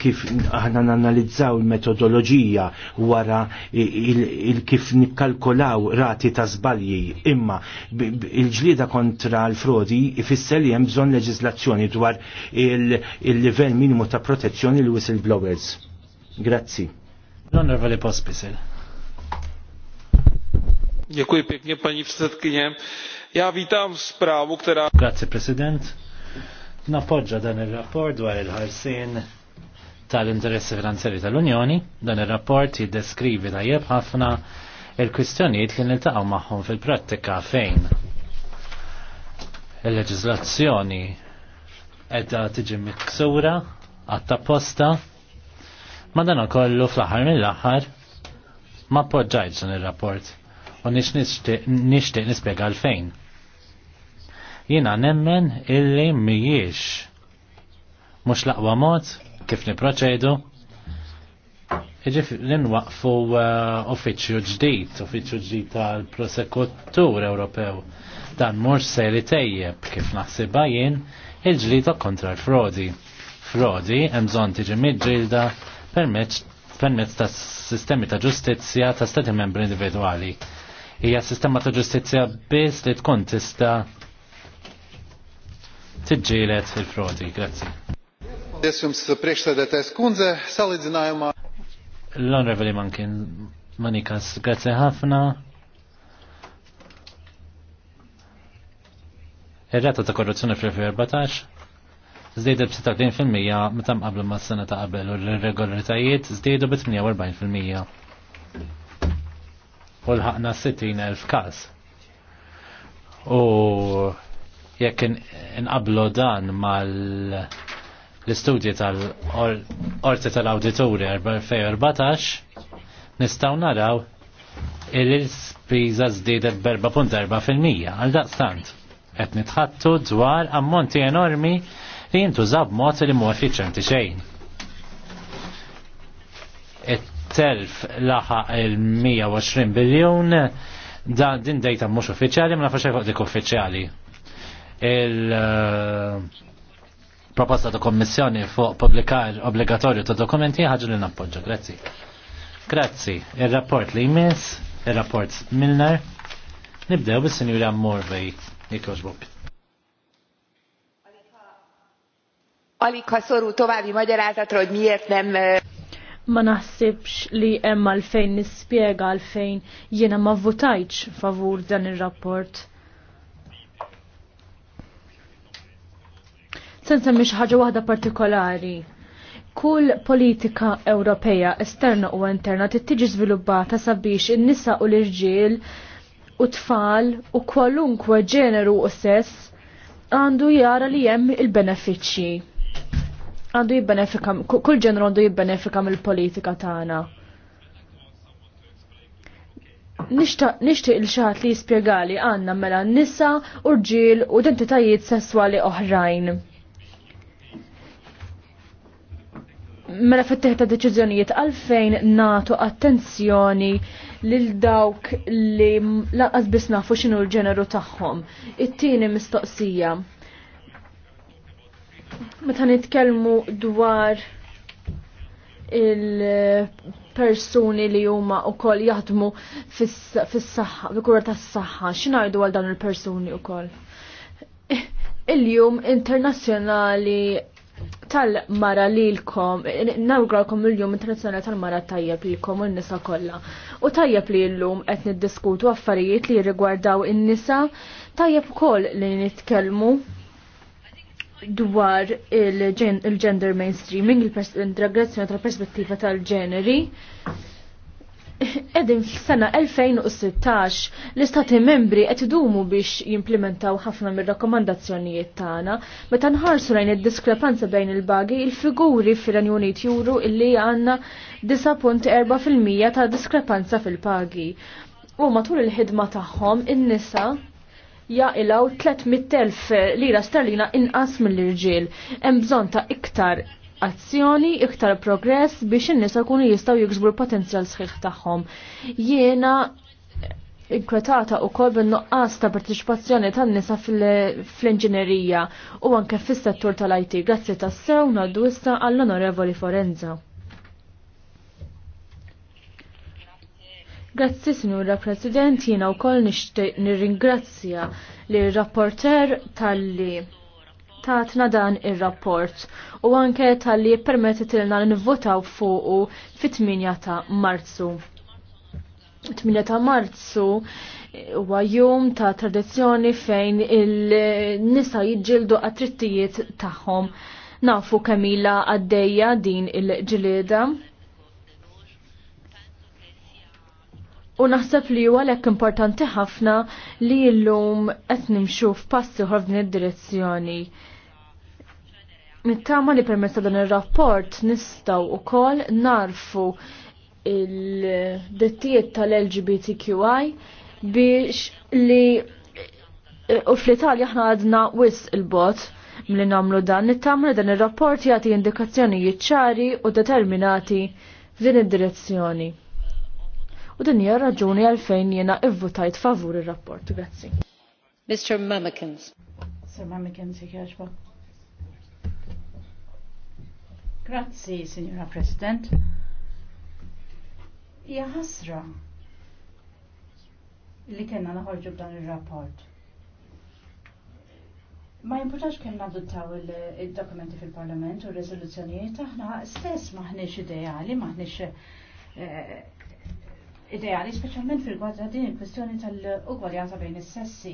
kif aħna nanalizzaw il-metodoloġija wara il-kif nikkalkolaw rati ta' zbalji imma il-ġlida kontra l-frodi ifisser li hemm bżonn leġislazzjoni dwar il-livell minimu ta' protezzjoni l-whistleblowers. Grazzi. l Pospisil. Dziękuję pięknie pani předsedkyně. Ja witam sprawę, która. Grazie, prezydent. Nappoġġa dan il-rapport dwar il-ħarsin tal-interessi finanzjari tal-Unjoni, dan il-rapport jiddeskrivi tajjeb ħafna il-kwistjonijiet li niltaqgħu magħhom fil-prattika fejn il-leġiżlazzjoni edha tiġi miksura għatta posta ma dan kollu fl-aħħar mill-aħħar ma poġġajġ dan il-rapport u nix nixtieq nispjega għalfejn. Jina nemmen illi mijiex mux laqwa mod kif niproċedu Iġif l-inwaqfu uffiċju uh, ġdijt, uffiċju ġdijt tal prosekuttur Ewropew. Dan mux se li tejjeb kif naħsibba jien il-ġlita kontra l-frodi. Frodi hemm bżonn tiġi midġilda permezz ta' sistemi ta' ġustizzja ta' stati membri individwali. Hija sistema ta' ġustizzja biss li tkun tista' tiġġielet il-frodi. Grazzi. Jessjums preċtedetes kunze, salidzinajma. L-Onorevoli Mankin, Manikas, grazie ħafna. il rata ta' korruzzjoni fl-2014 zdejda b-36% meta mqablu ma' s-sena ta' qabel u l-irregolaritajiet zdejdu b-48%. U l-ħakna 60.000 kas. U Jekk inqablu dan mal l-istudji tal-orti tal-auditori 2014, nistaw naraw il-spiża żdiedet b'4.4% għal daqstant. Qed nitħattu dwar ammonti enormi li jintużaw b'mod li mhu effiċjenti xejn. It-telf laħaq il-120 biljun da din dejta mhux uffiċjali ma nafx fuq dik uffiċjali il-proposta ta' kommissjoni fuq publikar obbligatorju ta' dokumenti ħagġu li nappoġġa. Grazzi. Grazzi. Il-rapport li jmiss, il-rapport Milner. Nibdew bis-Sinjura Morvej, jikkoġbok. Aligha szorul további magyarázatra, hogy miért nem ma naħsibx li hemm għalfejn nispjega għalfejn jiena ma votajċ favur dan ir-rapport. sensa miex ħaġa waħda partikolari. Kull politika Ewropea esterna u interna tittiġi żviluppata sabiex in-nisa u l-irġiel u tfal u kwalunkwe ġeneru u sess għandu jara li hemm il-benefiċċji. Għandu jibbenefika, kull ġeneru għandu jibbenefika mill-politika tagħna. Nixtieq il xaħat li jispjegali għandna mela n-nisa u rġiel u identitajiet sesswali oħrajn. mela fit ta' deċiżjonijiet għalfejn natu attenzjoni lil dawk li laqas biss nafu x'inhu l-ġeneru tagħhom. It-tieni mistoqsija. Meta nitkellmu dwar il-persuni li huma wkoll jaħdmu fis-saħħa, fil-kura tas-saħħa, x'ingħidu għal dan il-persuni wkoll? Il-jum internazzjonali tal-mara lilkom, nawgrawkom l jum internazzjonali tal-mara tajjeb lilkom u n-nisa kollha. U tajjeb li llum qed niddiskutu affarijiet li jirrigwardaw in-nisa, tajjeb ukoll li nitkellmu dwar il-gender mainstreaming, il-regressjoni tal-perspettiva tal-ġeneri. tal perspettiva tal ġeneri Edin fis-sena 2016 l-istati membri qed idumu biex jimplementaw ħafna mir-rakkomandazzjonijiet tagħna meta nħarsu lejn id-diskrepanza bejn il-bagi il-figuri fil renju Unit juru illi għandna 9.4% ta' diskrepanza fil-pagi. U matul il-ħidma tagħhom in-nisa jaqilaw 300.000 lira sterlina inqas mill-irġiel. Hemm bżonn ta' iktar azzjoni, iktar progress biex in-nisa kunu jistgħu jiksbu l-potenzjal sħiħ tagħhom. Jiena inkwetata u kol bil-nuqqas ta' partiċipazzjoni tan nisa fl-inġinerija u anke fis-settur tal-IT. Grazzi ta' sew naddu issa għall-Onorevoli Forenza. Grazzi, Signora President, Jiena u kol nirringrazzja li rapporter tal-li tatna dan ir-rapport u anke tal-li permettitilna nivvotaw fuqu fit-8 ta' Marzu. 8 ta' Marzu huwa jum ta' tradizzjoni fejn il-nisa jiġġieldu għat-trittijiet tagħhom. Nafu Kamila għaddejja din il-ġlieda U naħseb li huwa hekk importanti ħafna li llum qed nimxu f'pass ieħor f'din id-direzzjoni. Nittama li permezz ta' dan ir-rapport nistgħu wkoll narfu il-dettijiet tal-LGBTQI biex li u fl-Italja ħna għadna wis il-bot mill namlu dan nittamlu dan ir-rapport jagħti indikazzjonijiet ċari u determinati f'din id-direzzjoni u din hija raġuni għalfejn jiena ivvutajt favur ir-rapport. Grazzi. Mr. Mamikins. Sir Mamikins, jekk Grazzi, Signora President. Hija ħasra li kena naħorġu b'dan il-rapport. Ma jimportax kemm nadottaw il-dokumenti fil-Parlament u r-rezoluzzjonijiet aħna stess maħniex ideali, maħniex eh, ideali, speċjalment fil-gwadra din il-kwestjoni tal-ugwaljanza bejn is-sessi.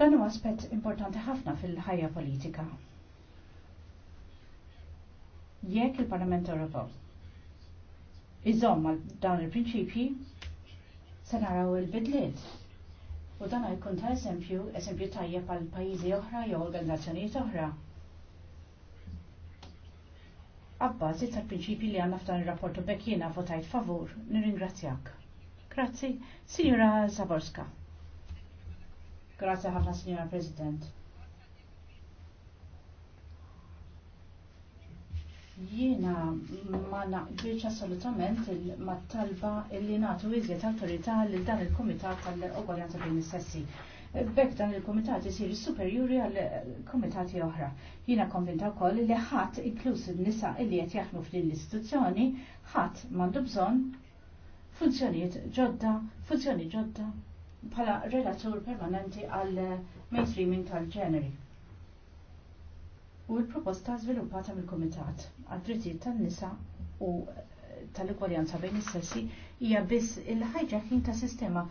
Dan huwa aspett importanti ħafna fil-ħajja politika. Jekk il-Parlament Ewropew iżomm dawn il-prinċipji, se naraw il-bidliet. U dan jkun ta' eżempju, eżempju tajjeb għal pajjiżi oħra jew organizzazzjonijiet oħra għabbażi tal-prinċipi li għanna f'dan il-rapport u jiena votajt favur, nirringrazzjak. Grazzi, Signora Zaborska. Grazzi ħafna, Signora President. Jiena ma naqbilx assolutament mat talba li nagħtu iżjed awtorità lil dan il-Kumitat tal-Ogwaljanza bejn is-sessi bekk dan il-komitat isir superjuri għal komitati oħra. Jina konvinta wkoll li ħadd inkluż nisa illi qed jaħdmu f'din l-istituzzjoni ħadd m'għandu bżonn funzjonijiet ġodda, funzjoni ġodda bħala relatur permanenti għal mainstreaming tal-ġeneri. U l-proposta żviluppata mill-Kumitat għad-drittijiet tan-nisa u tal ekwaljanza bejn is-sessi hija biss il-ħajġa ħin ta' sistema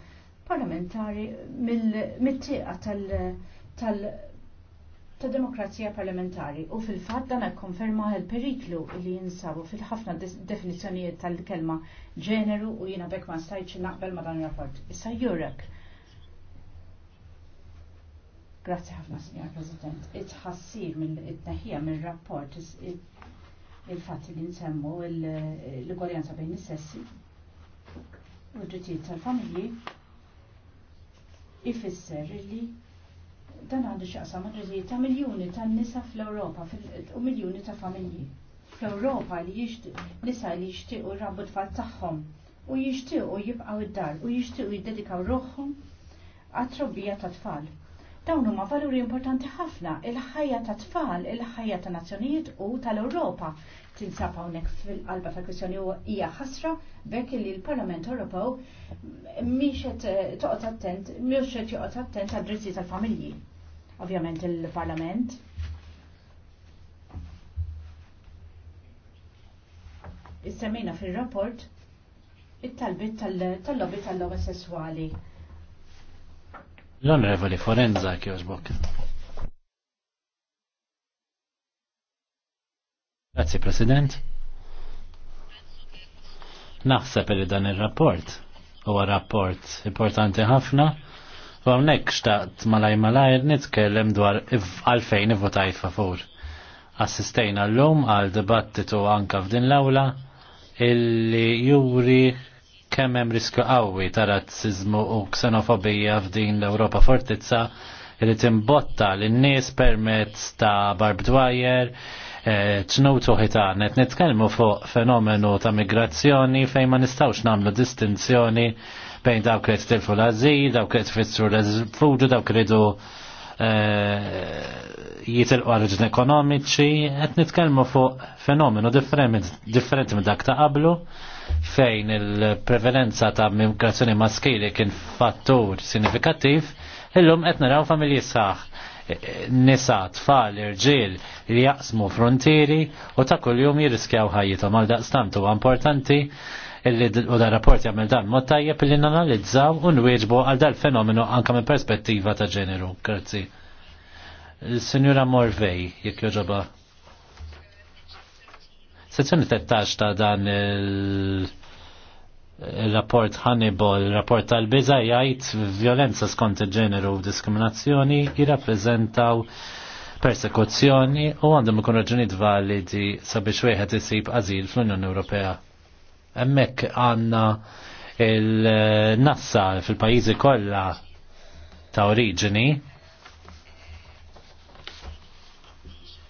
parlamentari mill-tieqa tal-demokrazija parlamentari u fil-fatt dan konferma l periklu li jinsabu fil-ħafna definizjonijiet tal-kelma ġeneru u jina bekk ma stajċi naqbel ma dan rapport. Issa jurek. Grazie ħafna, Signor President. Itħassir mill-itneħija mill-rapport il-fatt li nsemmu l-igwaljanza bejn is-sessi u d tal-familji ifisser li dan għandu xaqsam għadriżijiet ta' miljoni ta' nisa fl-Europa u miljoni ta' familji. Fl-Europa li nisa li rabu t tfal tagħhom u u jibqaw id-dar u u jiddedikaw ruħhom għat-trobbija ta' tfal. Dawn huma valuri importanti ħafna il-ħajja ta' tfal, il-ħajja ta' nazzjonijiet u tal-Europa tinsab hawnhekk fil-qalba tal kwestjoni u hija ħasra bekk li l-Parlament Ewropew mhix qed eh, toqgħod attent, mhux qed joqgħod attent għad-dritti tal-familji. Ovvjament il-Parlament Issemmejna fil-rapport it-talbit tal-lobby tal lobby sessuali. L-onorevoli Forenza kjożbok. Grazie President. Naħseb li dan ir-rapport huwa rapport importanti ħafna u hawnhekk xtaqt malaj malajr nitkellem dwar għalfejn ivvotajt favur. Assistejna llum għal dibattitu anka f'din l-awla illi juri kemm hemm riskju qawwi ta' razziżmu u ksenofobija f'din l-Ewropa fortizza li timbotta l-nies permezz ta' barbed wire, ċnu eh, tuħitanet, nitkelmu fuq fenomenu ta' migrazzjoni fejn ma nistawx namlu distinzjoni bejn dawk li tilfu l-azil, dawk li tfissru l-fuġu, dawk li du eh, jitilqu għarġin ekonomiċi, għet nitkelmu fuq fenomenu differenti minn dak ta' qablu fejn il-prevalenza ta' migrazzjoni maskili kien fattur sinifikattiv Illum qed naraw familji saħ e, e, nisa, tfal, irġiel li jaqsmu frontieri u ta' kuljum jirriskjaw ħajjithom għal daqstant huwa importanti illi u da rapport jagħmel dan mod tajjeb illi nanalizzaw u nwieġbu għal dal fenomenu anke minn perspettiva ta' ġeneru. Grazzi. Sinjura Morvej, jekk joġoba. Sezzjoni tettax ta' dan il- il-rapport Hannibal, il-rapport tal-biza jgħid violenza skont il-ġeneru u diskriminazzjoni jirrappreżentaw persekuzzjoni u għandhom ikun raġunijiet validi sabiex wieħed isib għażil fl-Unjoni Ewropea. Hemmhekk għandna il-nassa fil-pajjiżi kollha ta' oriġini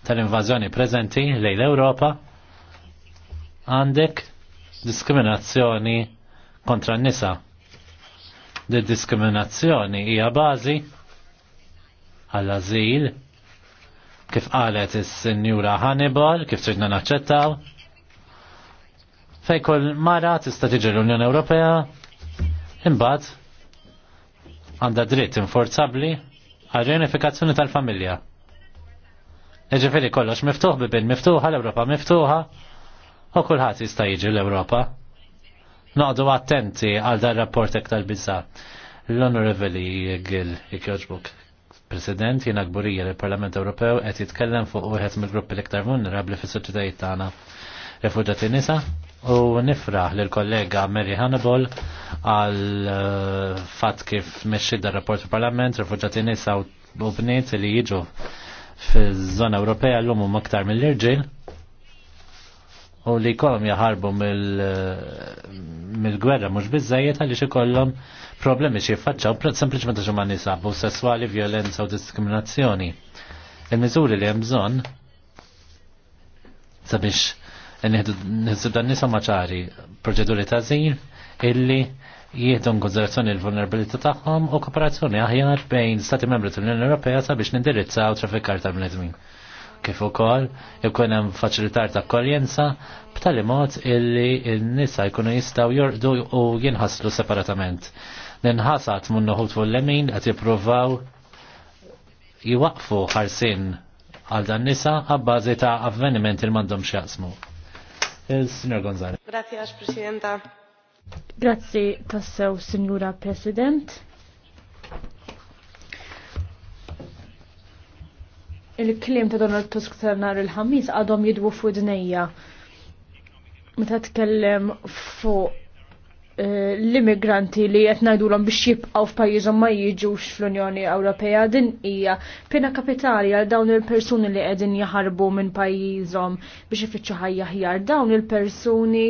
tal-invażjoni preżenti lejn l-Ewropa għandek diskriminazzjoni kontra n-nisa. Di diskriminazzjoni hija bażi għall-azil, kif qalet is-Sinjura Hannibal, kif tridna naċċettaw, fej kull mara tista' tiġi l-Unjoni Ewropea, imbagħad għandha dritt inforzabbli għal reunifikazzjoni tal-familja. Eġifieri kollox miftuħ bibin miftuħa l-Ewropa miftuħa u kulħadd jista' jiġi l-Ewropa noqdu attenti għal dar rapport ektar bizza. L-Onorevoli Gil Ikjoġbuk, President, jena gburija li parlament Ewropew qed jitkellem fuq uħet mill-gruppi l-iktar vulnerabli fis-soċjetajiet tagħna. Refugġati nisa u nifraħ l kollega Mary Hannibal għal eh, fatt kif mexxi dar rapport parlament refugġati nisa u bniet li jiġu fiż-żona Ewropea l-lum aktar mill-irġiel u li kolom jaħarbu mill-gwerra mux bizzajiet għalli xikollom problemi xie faċċaw sempliciment għaxu ma nisa abbuż sessuali, violenza u diskriminazzjoni. Il-mizuri li jemżon sabiex nħedzu dan nisa maċari proċeduri ta' zin illi jieħdu konsiderazzjoni l-vulnerabilità tagħhom u kooperazzjoni aħjar bejn stati membri tal-Unjoni Ewropea sabiex nindirizzaw traffikar tal-bnedmin kif ukoll ikun hemm faċilitar ta' akkoljenza b'tali mod illi n-nisa jkunu jistgħu jorqdu u jinħaslu separatament. Ninħasat mun noħut fuq l-lemin qed jippruvaw jwaqfu ħarsin għal dan nisa għabbażi ta' avvenimenti li m'għandhom x'jaqsmu. Il-Sinjor Gonzalez. Grazie, Presidenta. Grazie tassew, Signora President. il-klim ta' Donald Tusk ta' nar il-ħamis għadhom jidwu fuq dnejja. Meta tkellem fuq eh, l-immigranti li qed ngħidulhom biex jibqgħu f'pajjiżhom ma jiġux fl-Unjoni Ewropea din hija pena kapitali għal dawn il-persuni li qegħdin jaħarbu minn pajjiżhom biex ifittxu ħajja ħjar. Dawn il-persuni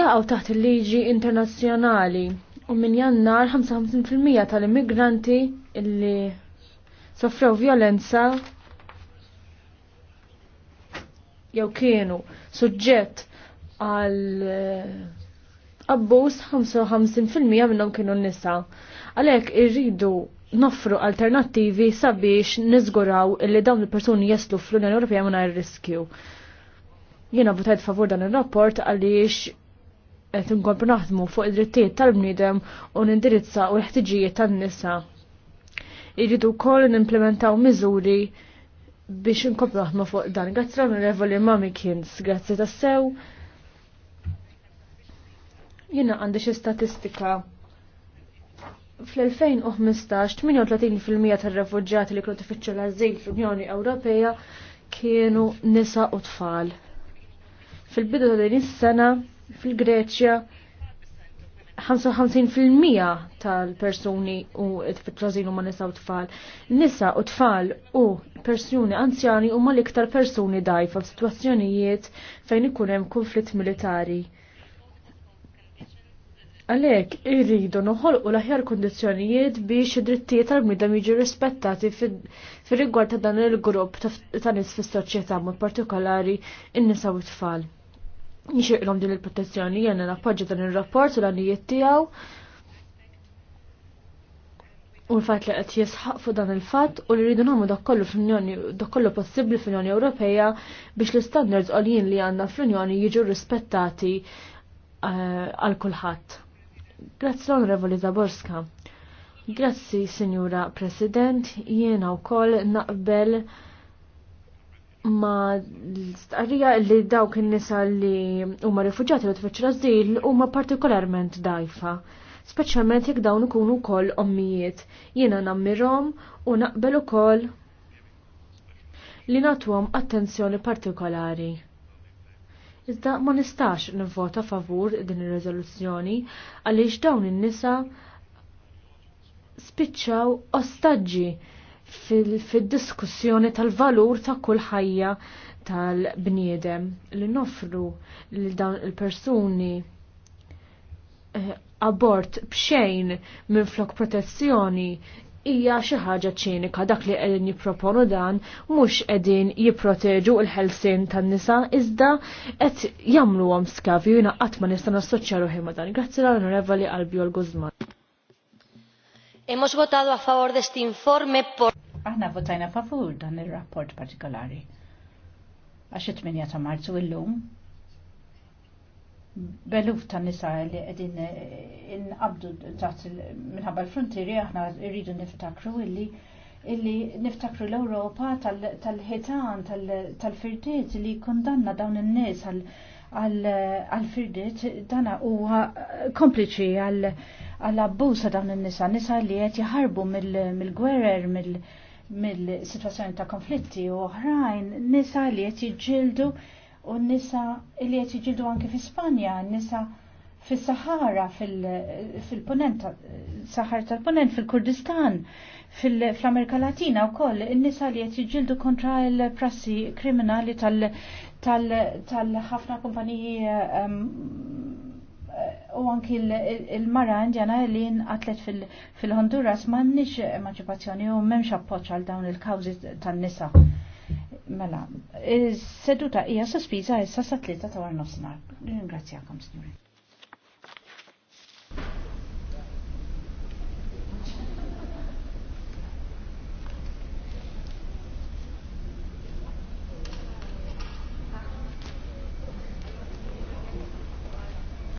jaqgħu taħt il-liġi internazzjonali u minn jannar 55% tal-immigranti li soffrew violenza jew kienu suġġett għal eh, abbuż 55% minnhom kienu nisa. Għalhekk irridu noffru alternattivi sabiex niżguraw illi dawn il-persuni jaslu fl-Unjoni Ewropea mingħajr riskju. Jiena votajt favur dan ir-rapport għaliex qed inkomplu naħdmu fuq id-drittijiet tal-bniedem u nindirizza u l-ħtiġijiet tan-nisa. Irridu wkoll nimplementaw miżuri biex inkoplu aħma fuq dan. Grazzi Revoli Mami Kins, grazzi tassew. Jena għandi xi statistika fl-2015 38% tal-refugġati li kienu tifittxu l-azil fl-Unjoni Ewropea kienu nisa u tfal. Fil-bidu ta' din is-sena fil-Greċja 55% tal-persuni u fit-trażin ma nisa u tfal. Nisa u tfal u persuni anzjani huma l-iktar persuni dajfa f'sitwazzjonijiet fejn ikun hemm konflitt militari. Għalek, irridu noħolqu l-aħjar kondizjonijiet biex id-drittijiet tal-bnidem jiġu rispettati fil-rigward ta' dan il-grupp ta' nis fis soċjetà mod partikolari in-nisa u t-tfal nixirqilhom din il-protezzjoni jenna nappoġġa dan ir-rapport u l-għanijiet tiegħu. U l-fatt li qed jisħaq fuq dan il-fatt u li rridu nagħmlu dak fl-Unjoni dakollu possibli possibbli fl-Unjoni Ewropea biex l-istandards għoljin li għandna fl-Unjoni jiġu rispettati eh, għal kulħadd. Grazzi l-Onorevoli Zaborska. Grazzi, Signora President, jiena wkoll naqbel ma l-istqarrija li dawk in-nisa li huma rifuġjati li tfittxu l-azil huma partikolarment dajfa. Speċjalment jekk dawn ikunu wkoll ommijiet. Jiena nammirhom u naqbel ukoll li nagħtuhom attenzjoni partikolari. Iżda ma nistax nivvota favur din ir-riżoluzzjoni għaliex dawn in-nisa spiċċaw ostaġġi fil-diskussjoni tal-valur ta' kull ħajja tal-bniedem li nofru li dawn il-persuni eh, abort bxejn minn flok protezzjoni hija xi ħaġa ċinika dak li qegħdin jipproponu dan mhux qegħdin jipproteġu l-ħelsien tan-nisa iżda qed jagħmluhom skavju jiena qatt ma nista' nassoċja ħima dan. Grazzi l-Onorevoli Albiol Guzman. Hemos votado a favor de este informe por aħna votajna favur dan il-rapport partikolari. Għax 8 ta' marzu illum, beluf ta' nisa li għedin eh, inqabdu taħt minħabba l-frontieri aħna rridu niftakru illi illi niftakru l-Ewropa tal-ħitan, tal-firdiet li kondanna dawn in-nies għal-firdiet dana huwa kompliċi għal-abbusa dawn in-nisa, nisa li qed jaħarbu mill-gwerer, mill-, -mill mill-situazzjoni ta' konflitti u oħrajn nisa li qed jiġġieldu u nisa li qed jiġġieldu anke fi Spanja, nisa fis-Sahara fil-Punent Sahara tal-Punent fil-Kurdistan fl-Amerika Latina wkoll in-nisa li qed jiġġieldu kontra l-prassi kriminali tal-ħafna kumpaniji ehm, Eh, u anki il-mara indjana li atlet fil-Honduras m'għandniex emancipazzjoni u m'hemmx appoċ għal dawn il-kawżi tan-nisa. Mela, seduta hija sospiża issa sa satlita ta' war nofsinhar. Ringrazzjakom, Signori.